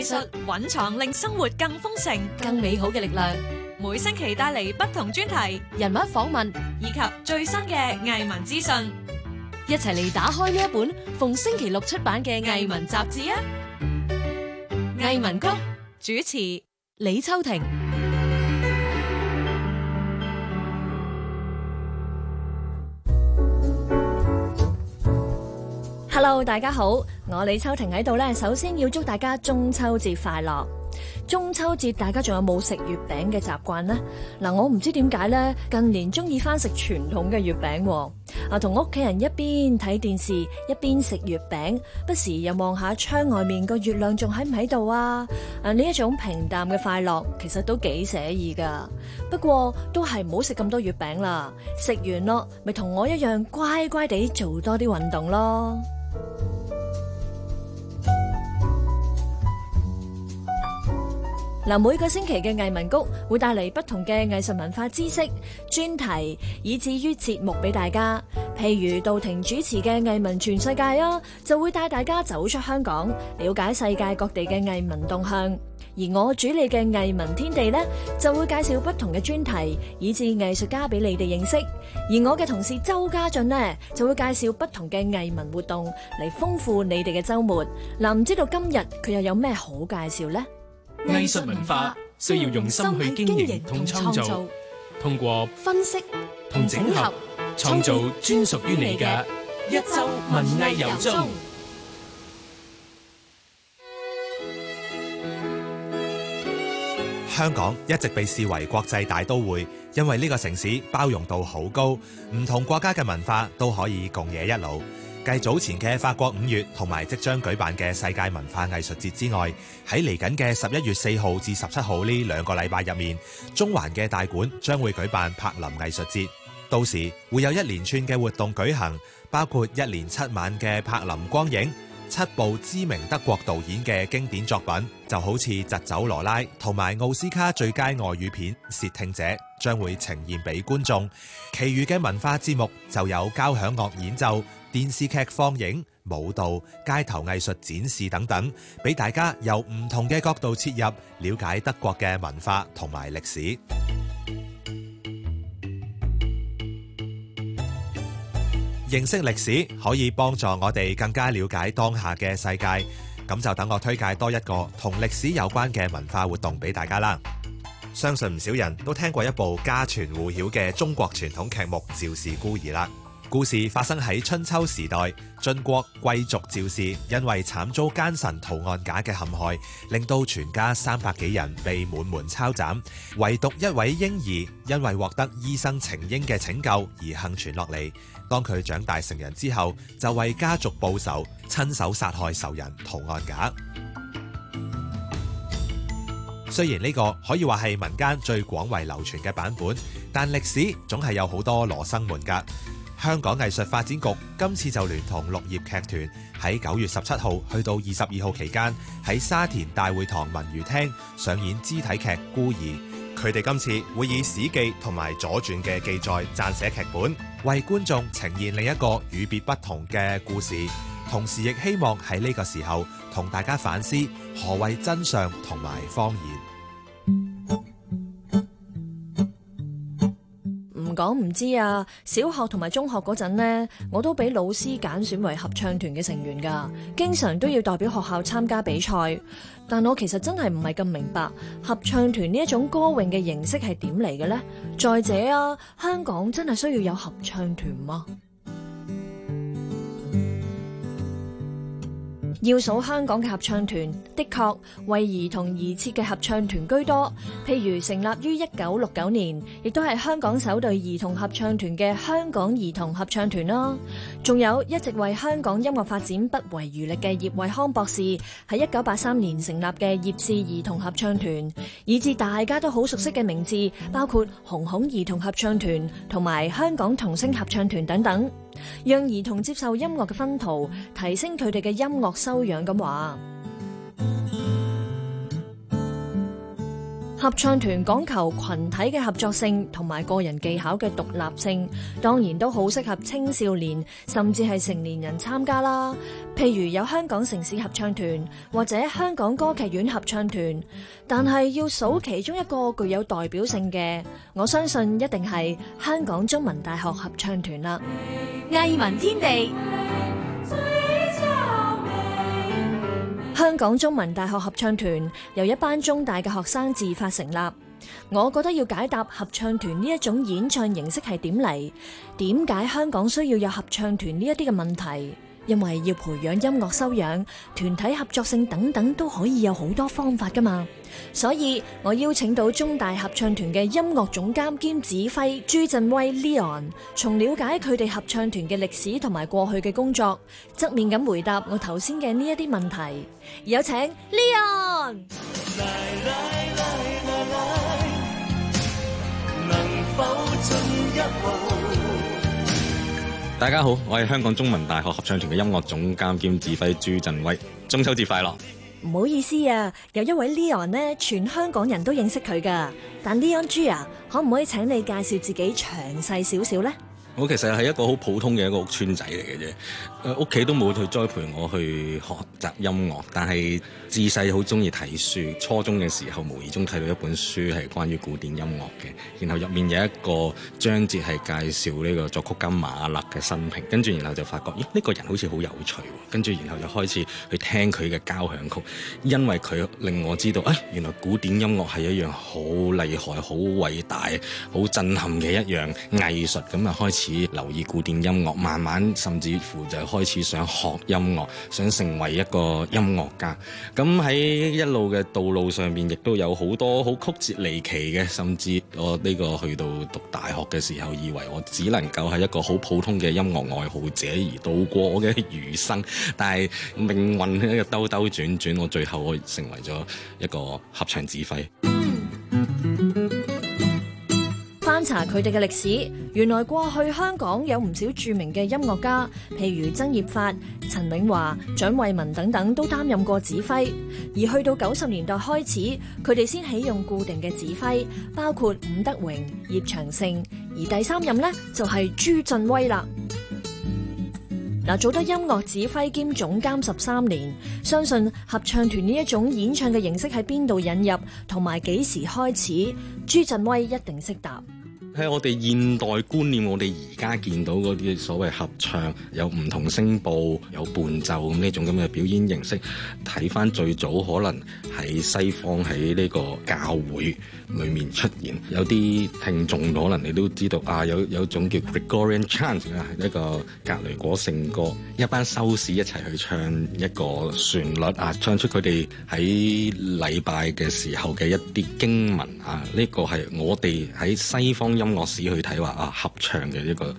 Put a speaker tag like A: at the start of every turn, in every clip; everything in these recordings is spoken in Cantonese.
A: 藝術蘊藏令生活更豐盛、更美好嘅力量，每星期帶嚟不同專題、人物訪問以及最新嘅藝文資訊，一齊嚟打
B: 開呢一本逢星期六出版嘅藝文雜誌啊！藝文谷主持李秋婷。
A: Hello，大家好，我李秋婷喺度咧。首先要祝大家中秋節快樂！中秋節大家仲有冇食月餅嘅習慣呢？嗱，我唔知點解咧，近年中意翻食傳統嘅月餅，啊，同屋企人一邊睇電視一邊食月餅，不時又望下窗外面個月亮還在不在，仲喺唔喺度啊？啊，呢一種平淡嘅快樂其實都幾寫意噶。不過都係唔好食咁多月餅啦，食完咯，咪同我一樣乖乖地做多啲運動咯。嗱，每個星期嘅藝文谷會帶嚟不同嘅藝術文化知識專題，以至於節目俾大家。譬如杜婷主持嘅藝文全世界啊，就會帶大家走出香港，了解世界各地嘅藝文動向。而我主理嘅藝文天地呢，就會介紹不同嘅專題，以至藝術家俾你哋認識。而我嘅同事周家俊呢，就會介紹不同嘅藝文活動嚟豐富你哋嘅周末。嗱，唔知道今日佢又有咩好介紹
C: 呢？藝術文化，文化需要用心去經營同創造，通過分析同整合，創造專屬於你嘅
B: 一周文藝遊蹤。
D: 香港一直被視為國際大都會，因為呢個城市包容度好高，唔同國家嘅文化都可以共冶一爐。繼早前嘅法國五月同埋，即將舉辦嘅世界文化藝術節之外，喺嚟緊嘅十一月四號至十七號呢兩個禮拜入面，中環嘅大館將會舉辦柏林藝術節。到時會有一連串嘅活動舉行，包括一連七晚嘅柏林光影，七部知名德國導演嘅經典作品，就好似《疾走羅拉》同埋奧斯卡最佳外語片《竊聽者》，將會呈現俾觀眾。其餘嘅文化節目就有交響樂演奏。電視劇放映、舞蹈、街頭藝術展示等等，俾大家由唔同嘅角度切入，了解德國嘅文化同埋歷史。認識歷史可以幫助我哋更加了解當下嘅世界。咁就等我推介多一個同歷史有關嘅文化活動俾大家啦。相信唔少人都聽過一部家傳戶曉嘅中國傳統劇目《趙氏孤兒》啦。故事發生喺春秋時代，晉國貴族趙氏因為慘遭奸臣屠岸賈嘅陷害，令到全家三百幾人被滿門抄斬。唯獨一位嬰兒因為獲得醫生程嬰嘅拯救而幸存落嚟。當佢長大成人之後，就為家族報仇，親手殺害仇人屠岸賈。雖然呢個可以話係民間最廣為流傳嘅版本，但歷史總係有好多羅生門噶。香港藝術發展局今次就聯同綠葉劇團喺九月十七號去到二十二號期間，喺沙田大會堂文娛廳上演肢體劇《孤兒》。佢哋今次會以史記同埋左傳嘅記載撰寫劇本，為觀眾呈現另一個與別不同嘅故事。同時亦希望喺呢個時候同大家反思何謂真相同埋謊言。
A: 講唔知啊！小學同埋中學嗰陣呢，我都俾老師揀選為合唱團嘅成員噶，經常都要代表學校參加比賽。但我其實真係唔係咁明白合唱團呢一種歌詠嘅形式係點嚟嘅呢？再者啊，香港真係需要有合唱團嗎？要數香港嘅合唱團，的確為兒童而設嘅合唱團居多。譬如成立於1969年，亦都係香港首隊兒童合唱團嘅香港兒童合唱團啦。仲有一直為香港音樂發展不遺餘力嘅葉惠康博士，喺1983年成立嘅葉氏兒童合唱團，以至大家都好熟悉嘅名字，包括紅紅兒童合唱團同埋香港童聲合唱團等等。讓兒童接受音樂嘅熏陶，提升佢哋嘅音樂修養，咁話。合唱團講求群體嘅合作性同埋個人技巧嘅獨立性，當然都好適合青少年甚至係成年人參加啦。譬如有香港城市合唱團或者香港歌劇院合唱團，但係要數其中一個具有代表性嘅，我相信一定係香港中文大學合唱團啦。藝文天地。香港中文大學合唱團由一班中大嘅學生自發成立。我覺得要解答合唱團呢一種演唱形式係點嚟，點解香港需要有合唱團呢一啲嘅問題？因為要培養音樂修養、團體合作性等等，都可以有好多方法噶嘛。所以我邀請到中大合唱團嘅音樂總監兼指揮朱振威 Leon，從了解佢哋合唱團嘅歷史同埋過去嘅工作，側面咁回答我頭先嘅呢一啲問題。有請 Leon。
C: 大家好，我係香港中文大學合唱團嘅音樂總監兼指揮朱振威。中秋節快樂！
A: 唔好意思啊，有一位 Leon 呢，全香港人都認識佢㗎。但 Leon 朱啊，可唔可以請你介紹自己詳細少少呢？
C: 我其實係一個好普通嘅一個屋村仔嚟嘅啫，呃，屋企都冇去栽培我去學習音樂，但係自細好中意睇書，初中嘅時候，無意中睇到一本書係關於古典音樂嘅，然後入面有一個章節係介紹呢個作曲家馬勒嘅生平，跟住然後就發覺咦呢、哎呢個人好似好有趣、啊、跟住然後就開始去聽佢嘅交響曲，因為佢令我知道，誒、哎、原來古典音樂係一樣好厲害、好偉大、好震撼嘅一樣藝術咁啊開始。始留意古典音樂，慢慢甚至乎就開始想學音樂，想成為一個音樂家。咁喺一路嘅道路上面，亦都有好多好曲折離奇嘅。甚至我呢個去到讀大學嘅時候，以為我只能夠係一個好普通嘅音樂愛好者而度過我嘅餘生。但係命運一個兜兜轉轉，我最後我成為咗一個合唱指揮。
A: 查佢哋嘅歷史，原來過去香港有唔少著名嘅音樂家，譬如曾葉發、陳永華、蔣衛文等等，都擔任過指揮。而去到九十年代開始，佢哋先起用固定嘅指揮，包括伍德榮、葉長勝，而第三任呢，就係朱振威啦。嗱，做得音樂指揮兼總監十三年，相信合唱團呢一種演唱嘅形式喺邊度引入，同埋幾時開始，朱振威一定識答。
C: 喺我哋現代觀念，我哋而家見到嗰啲所謂合唱，有唔同聲部，有伴奏咁呢種咁嘅表演形式，睇翻最早可能喺西方喺呢個教會裏面出現，有啲聽眾可能你都知道啊，有有種叫 Gregorian Chant 啊，一個格雷果聖歌，一班修士一齊去唱一個旋律啊，唱出佢哋喺禮拜嘅時候嘅一啲經文啊，呢個係我哋喺西方音音樂史去睇話啊，合唱嘅一個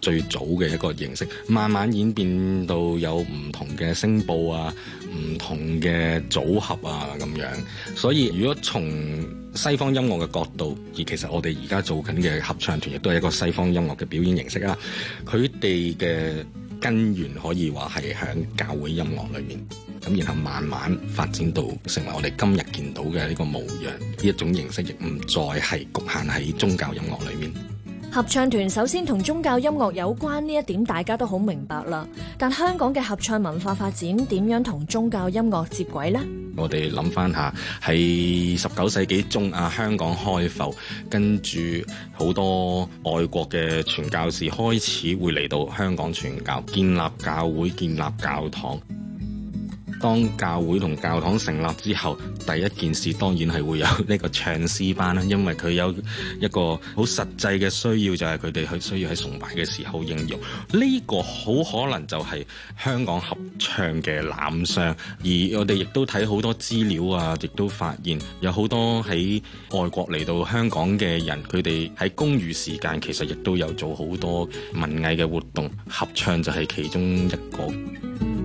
C: 最早嘅一個形式，慢慢演變到有唔同嘅聲部啊，唔同嘅組合啊咁樣。所以如果從西方音樂嘅角度，而其實我哋而家做緊嘅合唱團亦都係一個西方音樂嘅表演形式啊。佢哋嘅根源可以話係響教會音樂裏面。咁，然後慢慢發展到成為我哋今日見到嘅呢個模樣，呢一種形式亦唔再係局限喺宗教音樂裏面。
A: 合唱團首先同宗教音樂有關呢一點，大家都好明白啦。但香港嘅合唱文化發展點樣同宗教音樂接軌咧？
C: 我哋諗翻下，喺十九世紀中啊，香港開埠，跟住好多外國嘅傳教士開始會嚟到香港傳教，建立教會，建立教堂。當教會同教堂成立之後，第一件事當然係會有呢個唱詩班啦，因為佢有一個好實際嘅需要，就係佢哋去需要喺崇拜嘅時候應用。呢、這個好可能就係香港合唱嘅濫觴，而我哋亦都睇好多資料啊，亦都發現有好多喺外國嚟到香港嘅人，佢哋喺公餘時間其實亦都有做好多文藝嘅活動，合唱就係其中一個。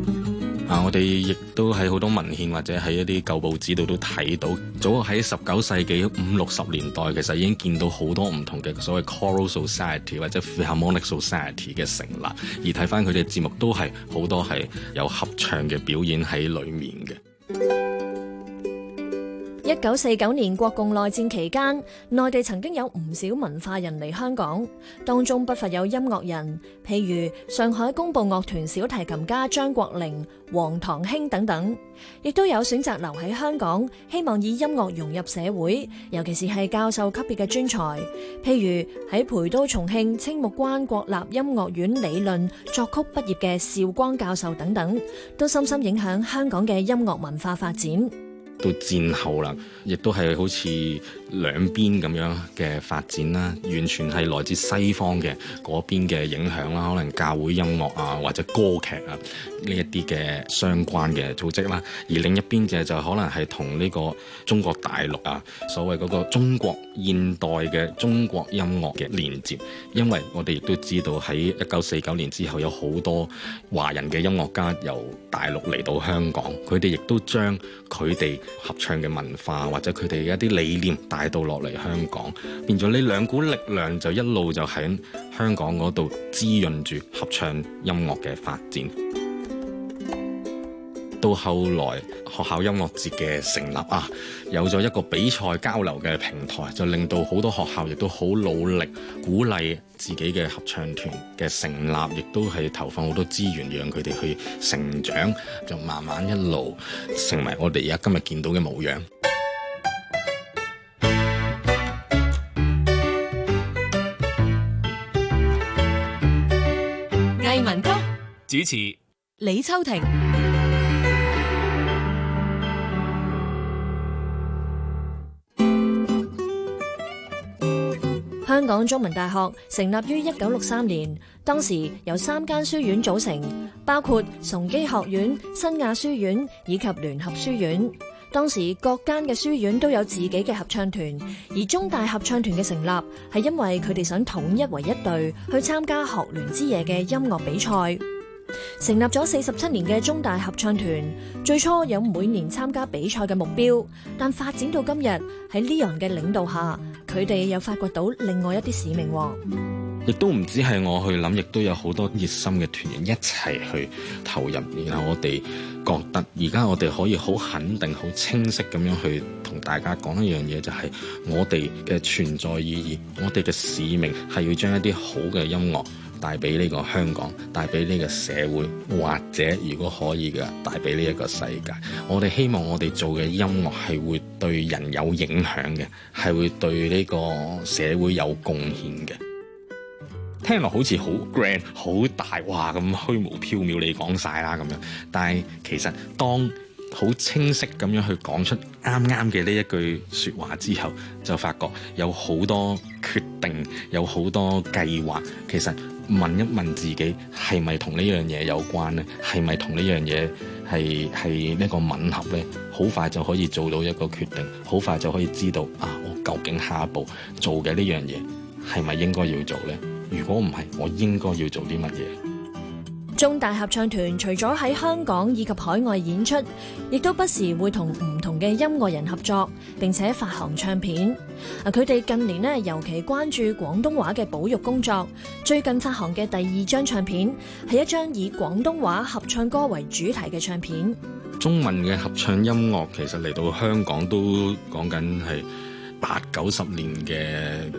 C: 啊，我哋亦都喺好多文獻或者喺一啲舊報紙度都睇到，早喺十九世紀五六十年代其實已經見到好多唔同嘅所謂 choral society 或者 philharmonic society 嘅成立，而睇返佢哋嘅節目都係好多係有合唱嘅表演喺裏面嘅。
A: 一九四九年國共內戰期間，內地曾經有唔少文化人嚟香港，當中不乏有音樂人，譬如上海工部樂團小提琴家張國齡、黃唐興等等，亦都有選擇留喺香港，希望以音樂融入社會，尤其是係教授級別嘅專才，譬如喺陪都重慶青木關國立音樂院理論作曲畢業嘅邵光教授等等，都深深影響香港嘅音樂文化發展。
C: 到戰後啦，亦都係好似。兩邊咁樣嘅發展啦，完全係來自西方嘅嗰邊嘅影響啦，可能教會音樂啊，或者歌劇啊呢一啲嘅相關嘅組織啦、啊。而另一邊嘅就可能係同呢個中國大陸啊，所謂嗰個中國現代嘅中國音樂嘅連接，因為我哋亦都知道喺一九四九年之後有好多華人嘅音樂家由大陸嚟到香港，佢哋亦都將佢哋合唱嘅文化或者佢哋一啲理念。帶到落嚟香港，變咗呢兩股力量就一路就喺香港嗰度滋潤住合唱音樂嘅發展。到後來，學校音樂節嘅成立啊，有咗一個比賽交流嘅平台，就令到好多學校亦都好努力鼓勵自己嘅合唱團嘅成立，亦都係投放好多資源讓佢哋去成長，就慢慢一路成為我哋而家今日見到嘅模樣。
E: 主持
A: 李秋婷。香港中文大學成立於一九六三年，當時由三間書院組成，包括崇基學院、新亞書院以及聯合書院。當時各間嘅書院都有自己嘅合唱團，而中大合唱團嘅成立係因為佢哋想統一為一隊去參加學聯之夜嘅音樂比賽。成立咗四十七年嘅中大合唱團，最初有每年參加比賽嘅目標，但發展到今日喺呢樣嘅領導下，佢哋有發掘到另外一啲使命。
C: 亦都唔止係我去諗，亦都有好多熱心嘅團員一齊去投入。然後我哋覺得而家我哋可以好肯定、好清晰咁樣去同大家講一樣嘢，就係我哋嘅存在意義，我哋嘅使命係要將一啲好嘅音樂。帶俾呢個香港，帶俾呢個社會，或者如果可以嘅，帶俾呢一個世界。我哋希望我哋做嘅音樂係會對人有影響嘅，係會對呢個社會有貢獻嘅。聽落好似好 grand 很、好大話咁虛無縹緲，你講晒啦咁樣。但係其實當好清晰咁樣去講出啱啱嘅呢一句説話之後，就發覺有好多決定，有好多計劃，其實。問一問自己係咪同呢樣嘢有關呢？係咪同呢樣嘢係係呢個吻合呢？好快就可以做到一個決定，好快就可以知道啊！我究竟下一步做嘅呢樣嘢係咪應該要做呢？如果唔係，我應該要做啲乜嘢？
A: 中大合唱團除咗喺香港以及海外演出，亦都不時會和不同唔同嘅音樂人合作，並且發行唱片。啊，佢哋近年呢尤其關注廣東話嘅保育工作。最近發行嘅第二張唱片係一張以廣東話合唱歌為主題嘅唱片。
C: 中文嘅合唱音樂其實嚟到香港都講緊係八九十年嘅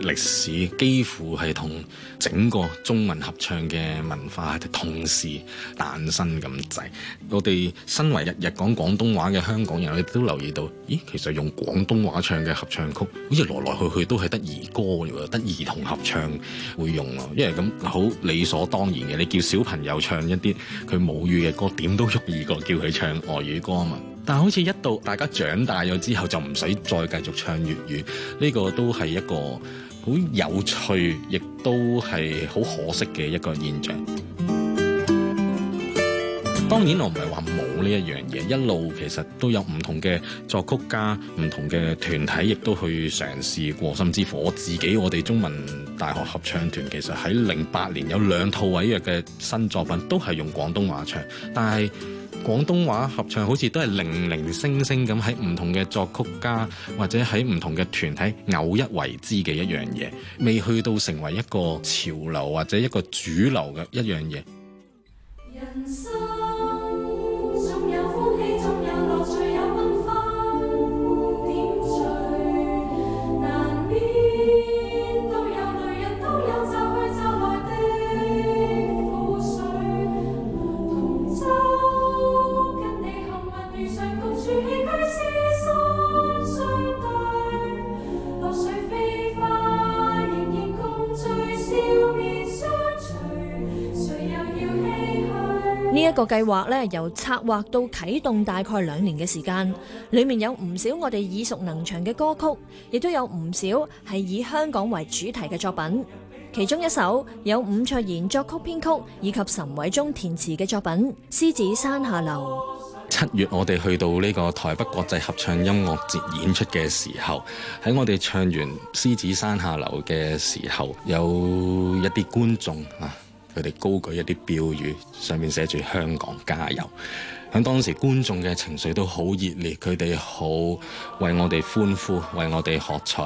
C: 歷史，幾乎係同整個中文合唱嘅文化同時誕生咁滯。我哋身為日日講廣東話嘅香港人，我哋都留意到，咦？其實用廣東話唱嘅合唱曲，好似來來去去都係得兒歌嘅喎，得兒童合唱會用咯。因為咁好理所當然嘅，你叫小朋友唱一啲佢母語嘅歌，點都喐唔過叫佢唱外語歌啊嘛。但好似一到大家長大咗之後，就唔使再繼續唱粵語，呢個都係一個好有趣，亦都係好可惜嘅一個現象。當然，我唔係話冇呢一樣嘢，一路其實都有唔同嘅作曲家、唔同嘅團體亦都去嘗試過，甚至乎我自己，我哋中文大學合唱團其實喺零八年有兩套委約嘅新作品，都係用廣東話唱，但係，廣東話合唱好似都係零零星星咁喺唔同嘅作曲家，或者喺唔同嘅團體偶一為之嘅一樣嘢，未去到成為一個潮流或者一個主流嘅一樣嘢。
A: 個計劃咧，由策劃到啟動大概兩年嘅時間，裏面有唔少我哋耳熟能詳嘅歌曲，亦都有唔少係以香港為主題嘅作品。其中一首有伍卓賢作曲編曲以及岑偉忠填詞嘅作品《獅子山下流》。
C: 七月我哋去到呢個台北國際合唱音樂節演出嘅時候，喺我哋唱完《獅子山下流》嘅時候，有一啲觀眾啊。佢哋高舉一啲標語，上面寫住香港加油。喺當時觀眾嘅情緒都好熱烈，佢哋好為我哋歡呼，為我哋喝彩。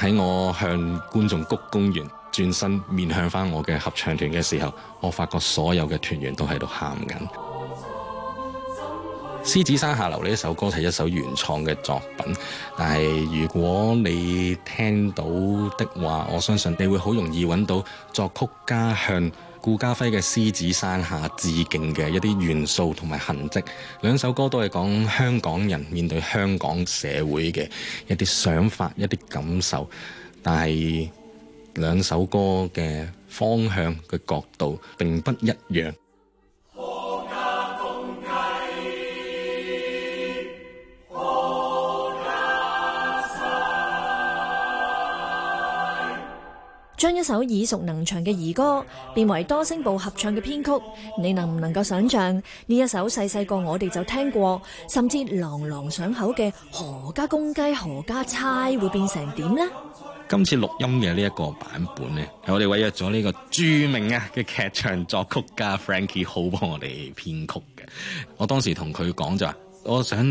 C: 喺我向觀眾鞠躬完，轉身面向返我嘅合唱團嘅時候，我發覺所有嘅團員都喺度喊緊。獅子山下流呢一首歌係一首原創嘅作品，但係如果你聽到的話，我相信你會好容易揾到作曲家向顧嘉輝嘅《獅子山下》致敬嘅一啲元素同埋痕迹。兩首歌都係講香港人面對香港社會嘅一啲想法、一啲感受，但係兩首歌嘅方向嘅角度并不一樣。
A: 將一首耳熟能詳嘅兒歌變為多聲部合唱嘅編曲，你能唔能夠想象呢一首細細個我哋就聽過，甚至朗朗上口嘅何家公雞何家猜會變成點呢？
C: 今次錄音嘅呢一個版本咧，係我哋委約咗呢個著名啊嘅劇場作曲家 Frankie Ho 幫我哋編曲嘅。我當時同佢講就話。我想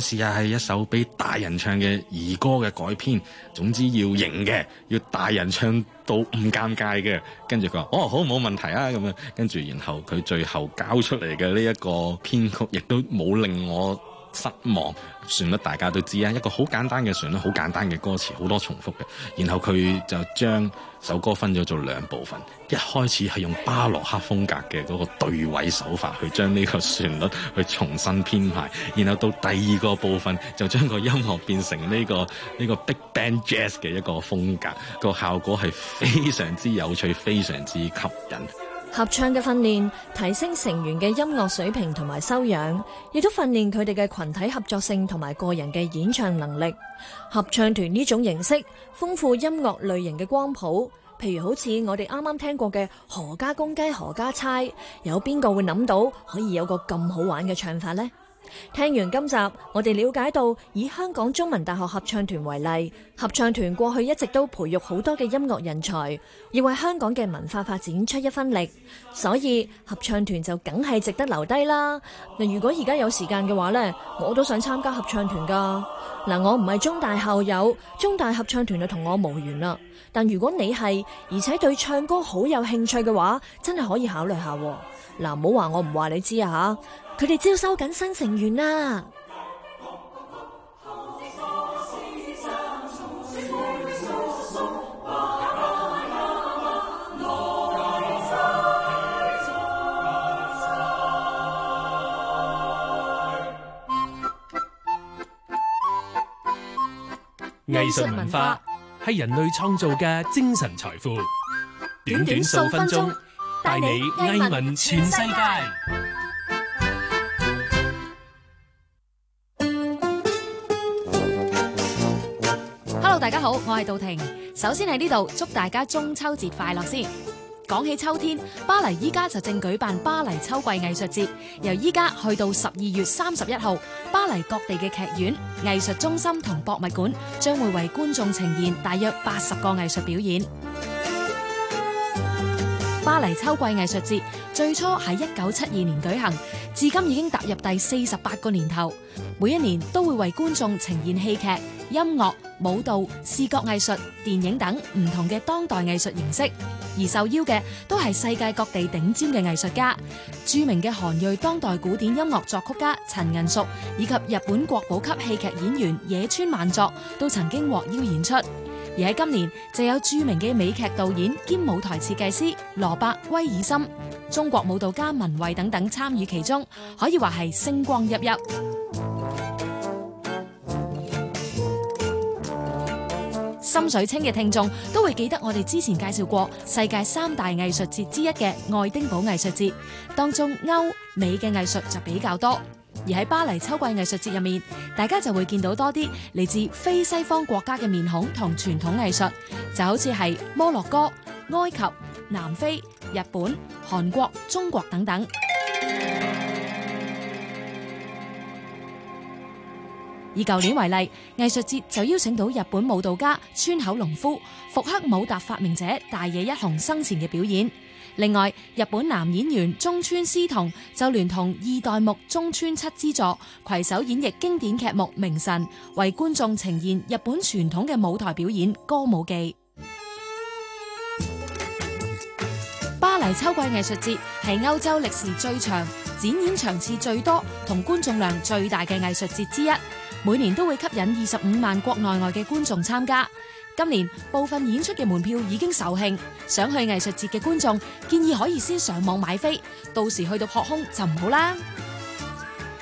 C: 試下係一首俾大人唱嘅兒歌嘅改編，總之要型嘅，要大人唱到唔尷尬嘅。跟住佢話哦，好，冇問題啊咁樣。跟住然後佢最後交出嚟嘅呢一個編曲，亦都冇令我。失望。旋律大家都知啊，一個好簡單嘅旋律，好簡單嘅歌詞，好多重複嘅。然後佢就將首歌分咗做兩部分，一開始係用巴洛克風格嘅嗰個對位手法去將呢個旋律去重新編排，然後到第二個部分就將個音樂變成呢個呢個 big band jazz 嘅一個風格，個效果係非常之有趣，非常之吸引。
A: 合唱嘅訓練提升成員嘅音樂水平同埋修養，亦都訓練佢哋嘅群體合作性同埋個人嘅演唱能力。合唱團呢種形式豐富音樂類型嘅光譜，譬如好似我哋啱啱聽過嘅「何家公雞何家猜」，有邊個會諗到可以有個咁好玩嘅唱法呢？聽完今集，我哋了解到以香港中文大學合唱團為例，合唱團過去一直都培育好多嘅音樂人才，要為香港嘅文化發展出一分力，所以合唱團就梗係值得留低啦。嗱，如果而家有時間嘅話呢，我都想參加合唱團噶。嗱，我唔係中大校友，中大合唱團就同我無緣啦。但如果你係，而且對唱歌好有興趣嘅話，真係可以考慮下。嗱，唔好話我唔話你知啊嚇，佢哋招收緊新成員啦。
D: 藝術文化，係人類創造嘅精神財富，短短數分鐘帶你藝文全世
E: 界。
B: Hello，大家好，我係杜婷，首先喺呢度祝大家中秋節快樂先。講起秋天，巴黎依家就正舉辦巴黎秋季藝術節，由依家去到十二月三十一號，巴黎各地嘅劇院、藝術中心同博物館將會為觀眾呈現大約八十個藝術表演。巴黎秋季藝術節最初喺一九七二年舉行，至今已經踏入第四十八個年頭，每一年都會為觀眾呈現戲劇、音樂、舞蹈、視覺藝術、電影等唔同嘅當代藝術形式。而受邀嘅都係世界各地頂尖嘅藝術家，著名嘅韓裔當代古典音樂作曲家陳銀淑，以及日本國寶級戲劇演員野村萬作都曾經獲邀演出。而喺今年就有著名嘅美劇導演兼舞台設計師羅伯威爾森、中國舞蹈家文慧等等參與其中，可以話係星光熠熠。心水清嘅聽眾都會記得我哋之前介紹過世界三大藝術節之一嘅愛丁堡藝術節，當中歐美嘅藝術就比較多，而喺巴黎秋季藝術節入面，大家就會見到多啲嚟自非西方國家嘅面孔同傳統藝術，就好似係摩洛哥、埃及、南非、日本、韓國、中國等等。以舊年為例，藝術節就邀請到日本舞蹈家川口隆夫、復刻舞踏發明者大野一雄生前嘅表演。另外，日本男演員中村獅童就聯同二代目中村七之助携手演繹經典劇目《鳴神》，為觀眾呈現日本傳統嘅舞台表演歌舞伎。巴黎秋季藝術節係歐洲歷時最長、展演場次最多、同觀眾量最大嘅藝術節之一。每年都會吸引二十五萬國內外嘅觀眾參加。今年部分演出嘅門票已經售罄，想去
A: 藝術節嘅觀眾建議可以先上網買飛，到時去到撲空就唔好啦。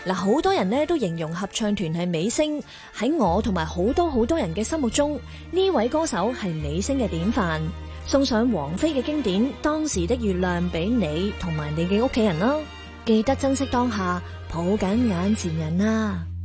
A: 嗱，好多人呢都形容合唱團係美聲，喺我同埋好多好多人嘅心目中，呢位歌手係美聲嘅典範。送上王菲嘅經典《當時的月亮》俾你同埋你嘅屋企人啦，記得珍惜當下，抱緊眼前人啦。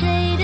E: 誰？